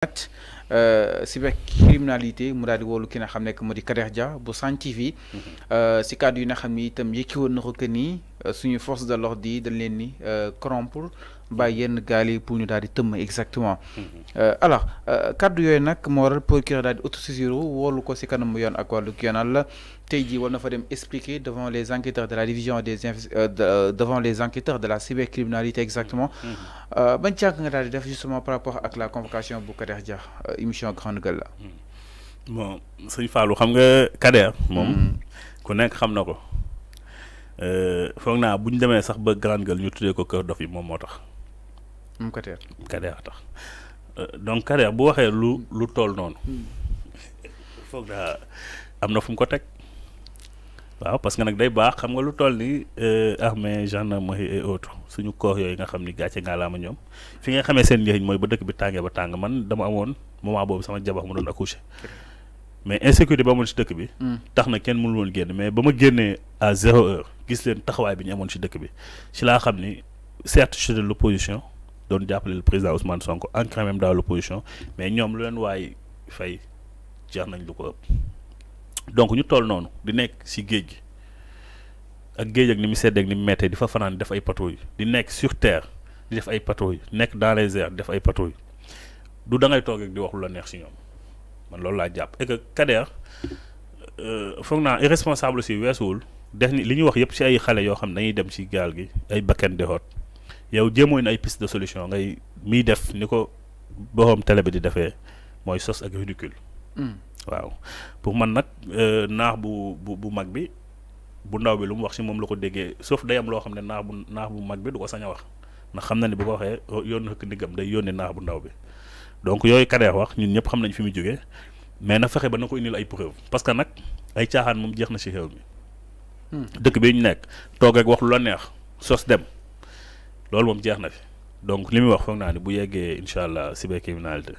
si at euh, cybercriminalité mu daal di ki nga xam nekk moo di Kader Dia bu Sen TV mm-hmm. euh, si kàddu yi nga xam ni itam yëkki woon na ko que nii Euh, suñu force de l'ordre de dañ leen euh, pour ñu di exactement. Mhm. Euh, alors yooyu nag ko expliquer devant les enquêteurs de la division des devant les enquêteurs de la cybercriminalité exactement. Mhm. ban nga justement par rapport ak la convocation bu Kader émission grande gueule mhm. bon sëñ Fallou xam nga Kader. Mm. ku nekk xam na Euh, foog naa bu ñu demee sax ba Grande Gueule ñu tuddee ko Kër Dof yi moom moo tax. moom Kader. tax euh, donc Kader bu waxee lu lu tool noonu. Hmm. foog naa am na fu mu ko teg. waaw parce que nag day baax xam nga lu toll ni euh, armée gendarmerie et autres suñu corps yooyu nga xam ni gàcce ngaa laama ñoom fi nga xamee seen njëriñ mooy ba dëkk bi tàngee ba tàng man dama amoon moment boobu sama jabar mu doon accoucher. mais insécurité ba ci dëkk bi. Hmm. taxna na kenn mënul mais bama à zéro heure gis leen taxaway bi ñu ci dëkk bi ci la xamni certes je de l'opposition, opposition doon appelé le président Ousmane Sonko même dans l'opposition, mais ñom lu leen way fay jeex nañ lu ko ëpp. donc ñu toll nonu di nekk ci geej ak ak ni ak ni di sur terre di def ay nekk dans les airs def ay patrouilles du da ngay toog ak di wax lu la neex man loolu laa jàpp et que Kader euh, foog naa irresponsable aussi weesuwul def ni li ñuy wax yëpp ci ay xale yoo xam ne dañuy dem ci gaal gi ay bakkan di xoot yow jéemoon ay piste de solution ngay miy def ni ko borom télé bi di defee mooy sos ak ridicule hmm. waaw pour man nag euh, naax bu bu bu mag bi bu ndaw bi lu mu wax ci moom la ko déggee sauf day am loo xam ne naax bu naax bu mag bi du ko sañ a wax ndax xam na ne bu ko waxee yoon na ko ndiggam day yónnee naax bu ndaw bi donc yooyu Kader wax ñun ñëpp xam nañ fi mu jógee mais na fexe ba na ko indil ay preuve parce que nag ay caaxaan moom jeex na si xew mi. Hmm. dëkk bi ñu nekk toog ak wax lu la neex sos dem loolu moom jeex na fi donc li muy wax foog naa ni bu yeggee incha allah cybercriminalité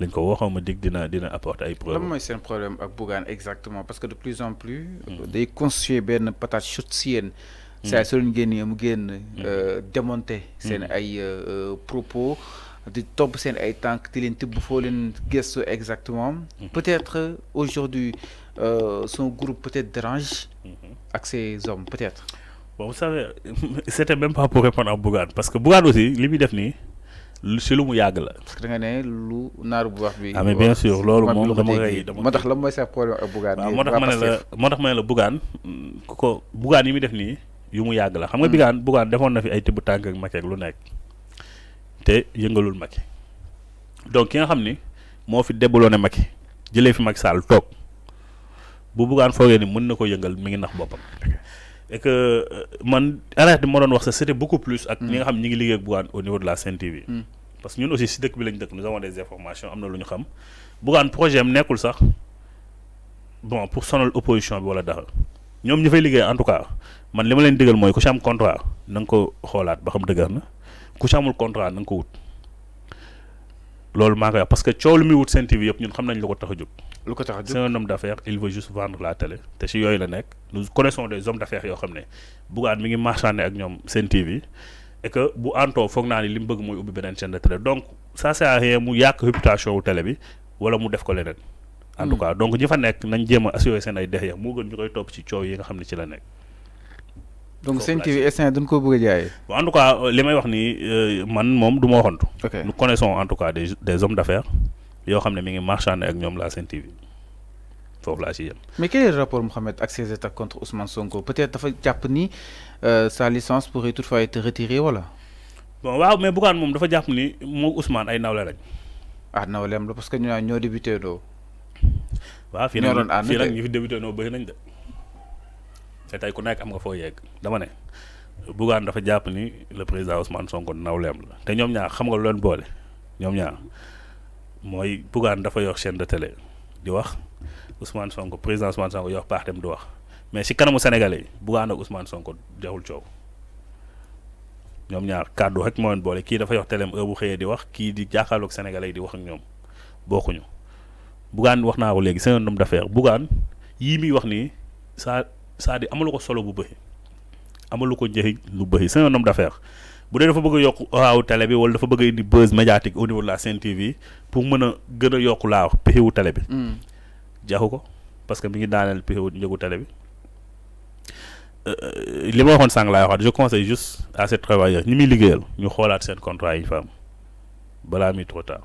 lañ ko waxoon ma dig dina dina apporter ay preuves. lan mooy seen problème ak Bougane exactement parce que de plus en plus. Hmm. day constituer benn patate chute si yéen. Hmm. saa su leen génnee mu génn. Euh, démonter seen ay euh, euh, propos di top seen ay tank di leen tibb foo leen exactement. Mhm. peut-être euh, aujourd'hui euh, son groupe peut-être dérange. Mhm. ak ses hommes peut-être. bon vous savez c'était même pas pour répondre à Bougane parce que Bougane aussi li muy def ni si lu mu yag la. parce que da nga né lu naaru bu wax bi. ah mais bien sûr lolu mom dama koy dama moo tax la moy sa problème ak Bougane. waaw moo tax ma la moo tax la Bougane mm, ko Bougane yimi def ni yu mu yag la. xam nga Bougane Bougane defon na fi ay tibb tank ak maquette lu nekk té yëngalul Macky donc ki nga xam mo fi débaloon ne jëlé fi Macky Sall tok bu bugaan foogee ni mën na ko yëngal mi ngi nax bopam et que euh, man arrête bi ma doon wax sax c'était beaucoup plus ak ñi nga xam ñi ngi liggé ak bugaan au niveau de la Sen TV mm. parce que ñun aussi ci dëkk bi lañ dëkk nous avons des informations amna na lu ñu xam bugaan projet am nekkul sax bon pour sonal opposition bi wala dara ñom ñu fay liggé en tout cas man li ma leen digal mooy ku ci am contrat na ko xolaat ba xam dëgër na ku ci amul contrat na nga ko wut loolu maa koy wax parce que coow lu muy wut Sen TV yëpp ñun xam nañ lu ko tax a jóg. lu ko tax a jóg c'est un homme d'affaires il veut juste vendre la télé te ci yooyu la nekk nous connaissons des hommes d'affaires yoo xam ne Bougane mi ngi marchandé ak ñoom Sen TV et que bu àntoo foog naa ni li mu bëgg mooy ubbi beneen chaîne de télé donc ça sert à rien mu yàq réputation wu télé bi wala mu def ko leneen. en tout hmm. cas donc ñi fa nekk nañ jéem a assurer seen ay dex ya moo gën ñu koy topp ci coow yi nga xam ne ci la nekk donc Sen TV instant dañ donc bëgg a jaayee. en tout cas euh, les may wax nii euh, man mom du ma nous connaissons en tout cas des des hommes d'affaires yoo xam ne mi ngi marchandé ak ñoom la Sen TV foofu la ci mais quel est le rapport Mohamed avec ses attaques contre Ousmane Sonko peut-être dafa jàpp ni euh, sa licence pourrait toutefois être retirée voilà. bon waaw mais Bougane moom dafa jàpp ni moom Ousmane ay nawle lañ. ah nawleem parce que ñu avons ñoo débuté là. ñoo finalement, finalement, waaw fii nag fi débuté doo bëri te tey ku nekk am nga foo yegg dama ne Bougane dafa jàpp ni le président Ousmane Sonko nawleem la te ñoom ñaar xam nga lu leen boole ñoom ñaar mooy Bougane dafa yor chaîne de télé di wax Ousmane sonk président Ousmane Sonko yor parti dem di wax mais si kanamu Sénégalais yi Bougane ak Ousmane Sonko jaxul coow ñoom ñaar kàddu rek moo boole kii dafa yor teleem heure bu xëyee di wax kii di jàkkaarloog Sénégalais yi di wax ak ñoom bokkuñu Bougane wax naa ko léegi c'est un homme d'affaires Bougane c'est-à-dire amalu ko solo bu bëri amalu ko njëriñ lu bëri c'est un homme d'affaires bu dee dafa bëgg a yokk waaw télé bi wala dafa bëgg a indi buzz médiatique au niveau de la Sen TV pour mën a gën a yokk laa télé bi. Hmm. jaxu ko parce que mi ngi daaneel pexiwu njëgu télé bi. Euh, li ma waxoon sang la wax je conseille juste à ces travailleurs ñi mi liggéeyal ñu xoolaat sen contrat yi ñu fa am balaa muy trop tard.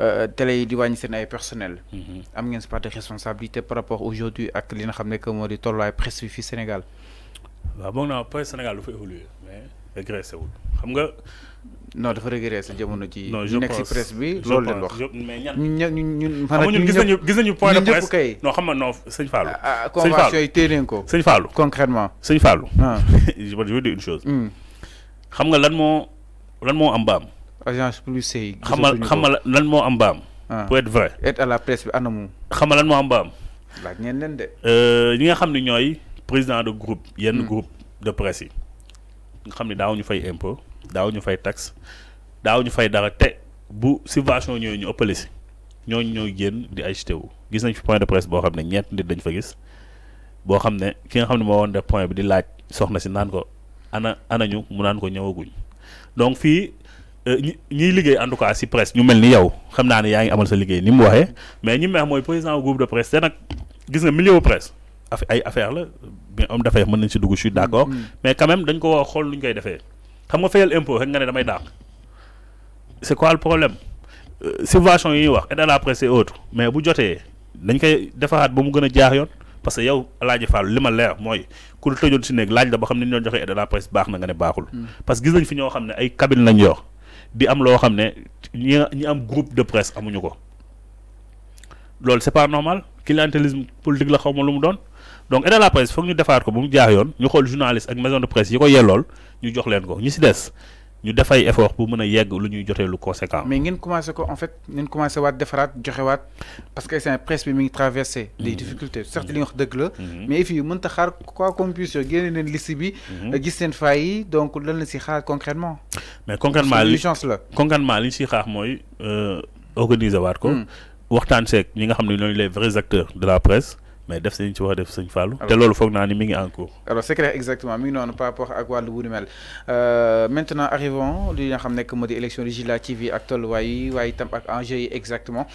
Euh, télé yi di wàññi seen ay personnel mhm. am ngeen si part de responsabilité par rapport aujourd'hui ak li nga xam ne que moo di tolluwaay presse bi fii Sénégal waaw moom naa presse Sénégal dafa évoluer mais régressé wul xam nga non dafa régressé jamono ji ñu nekk si presse bi loolu leen wax ñu ñun ñun ñun. gis nañu gis nañu point de presse kay non xam nga non sëñ Fallou ah, ah, convention yi téye nañ ko sëñ Fallou concrètement sëñ Fallou ah. je veux dire une chose hmm. xam nga lan moo lan moo am ba agence plus yi. xamal ah. xamal lan moo am baam. pour être vrai. être à la presse bi anamu. xamal lan moo am baam. laaj ngeen leen de. Euh, ñi nga xam ne ñooy président de groupe. yenn hmm. groupe de presse yi. nga xam ne daaw ñu fay impôt daaw ñu fay taxe daaw ñu fay dara te bu subvention ñooy ñu ëppale si ñooñu ñooy génn di agité wu gis nañ fi point de presse boo xam ne ñeent nit dañ fa gis boo xam ne ki nga xam ne moo woon def point bi di laaj soxna si naan ko ana ana ñu mu naan ko ñëwaguñ donc fii. Euh, ñi ñiy liggéey en tout cas si presse ñu mel ni yow xam naa ne yaa ngi amal sa liggéey ni mu waxee mais ñi mu wax mooy président groupe de presse te nag gis nga milieu presse af ay affaire la mais homme d'affaires mën nañ si dugg je suis mm, d'accord mm. mais quand même dañ ko wax xool lu ñu koy defee xam nga fayal impôt rek nga ne damay dàq c'est quoi le problème euh, subvention yi ñuy wax et à la presse et autre mais bu jotee dañ koy defaraat ba mu gën a jaax yoon parce que yow Alaaji Fall li ma leer mooy ku la tëjoon si néeg laaj la ba xam ne ñoo joxe et à la presse baax na nga ne baaxul mm. parce que gis nañ fi ñoo xam ne ay cabine lañ yor di am loo xam ne ñi ñi am groupe de presse amuñu ko loolu c'est pas normal clientélisme politique la xawma lu mu doon donc aide la presse foog ñu defaat ko ba mu jaax yoon ñu xool journaliste ak maison de presse yi ko yellool ñu jox leen ko ñu si des ñu def ay effort pour mën a yegg lu ñuy jotee lu conséquent. mais nous commencé ko en fait ngeen commencé waat defaraat du waat parce que un presse bi mi ngi traversé. des mm-hmm. difficultés certes li de gloire. Mm-hmm. mais fii mënut a quoi compulsion génne leen liste bi. Mm-hmm. gis seen faay donc là, la si xaar concrètement. mais concrètement li urgence concrètement li ñu si xaar mooy euh, organiser waat ko. Mm. waxtaan nous ñi nga les vrais acteurs de la presse mais def sañ ci wax def sañ fallu te loolu foog naa ni mi ngi en cours alors c'est clair exactement mi ngi noonu par rapport ak wàllu wu mel euh, maintenant arrivons li nga xam nekk moo di élection législative yi ak tolluwaay yi waaye itam ak enjeu yi exactement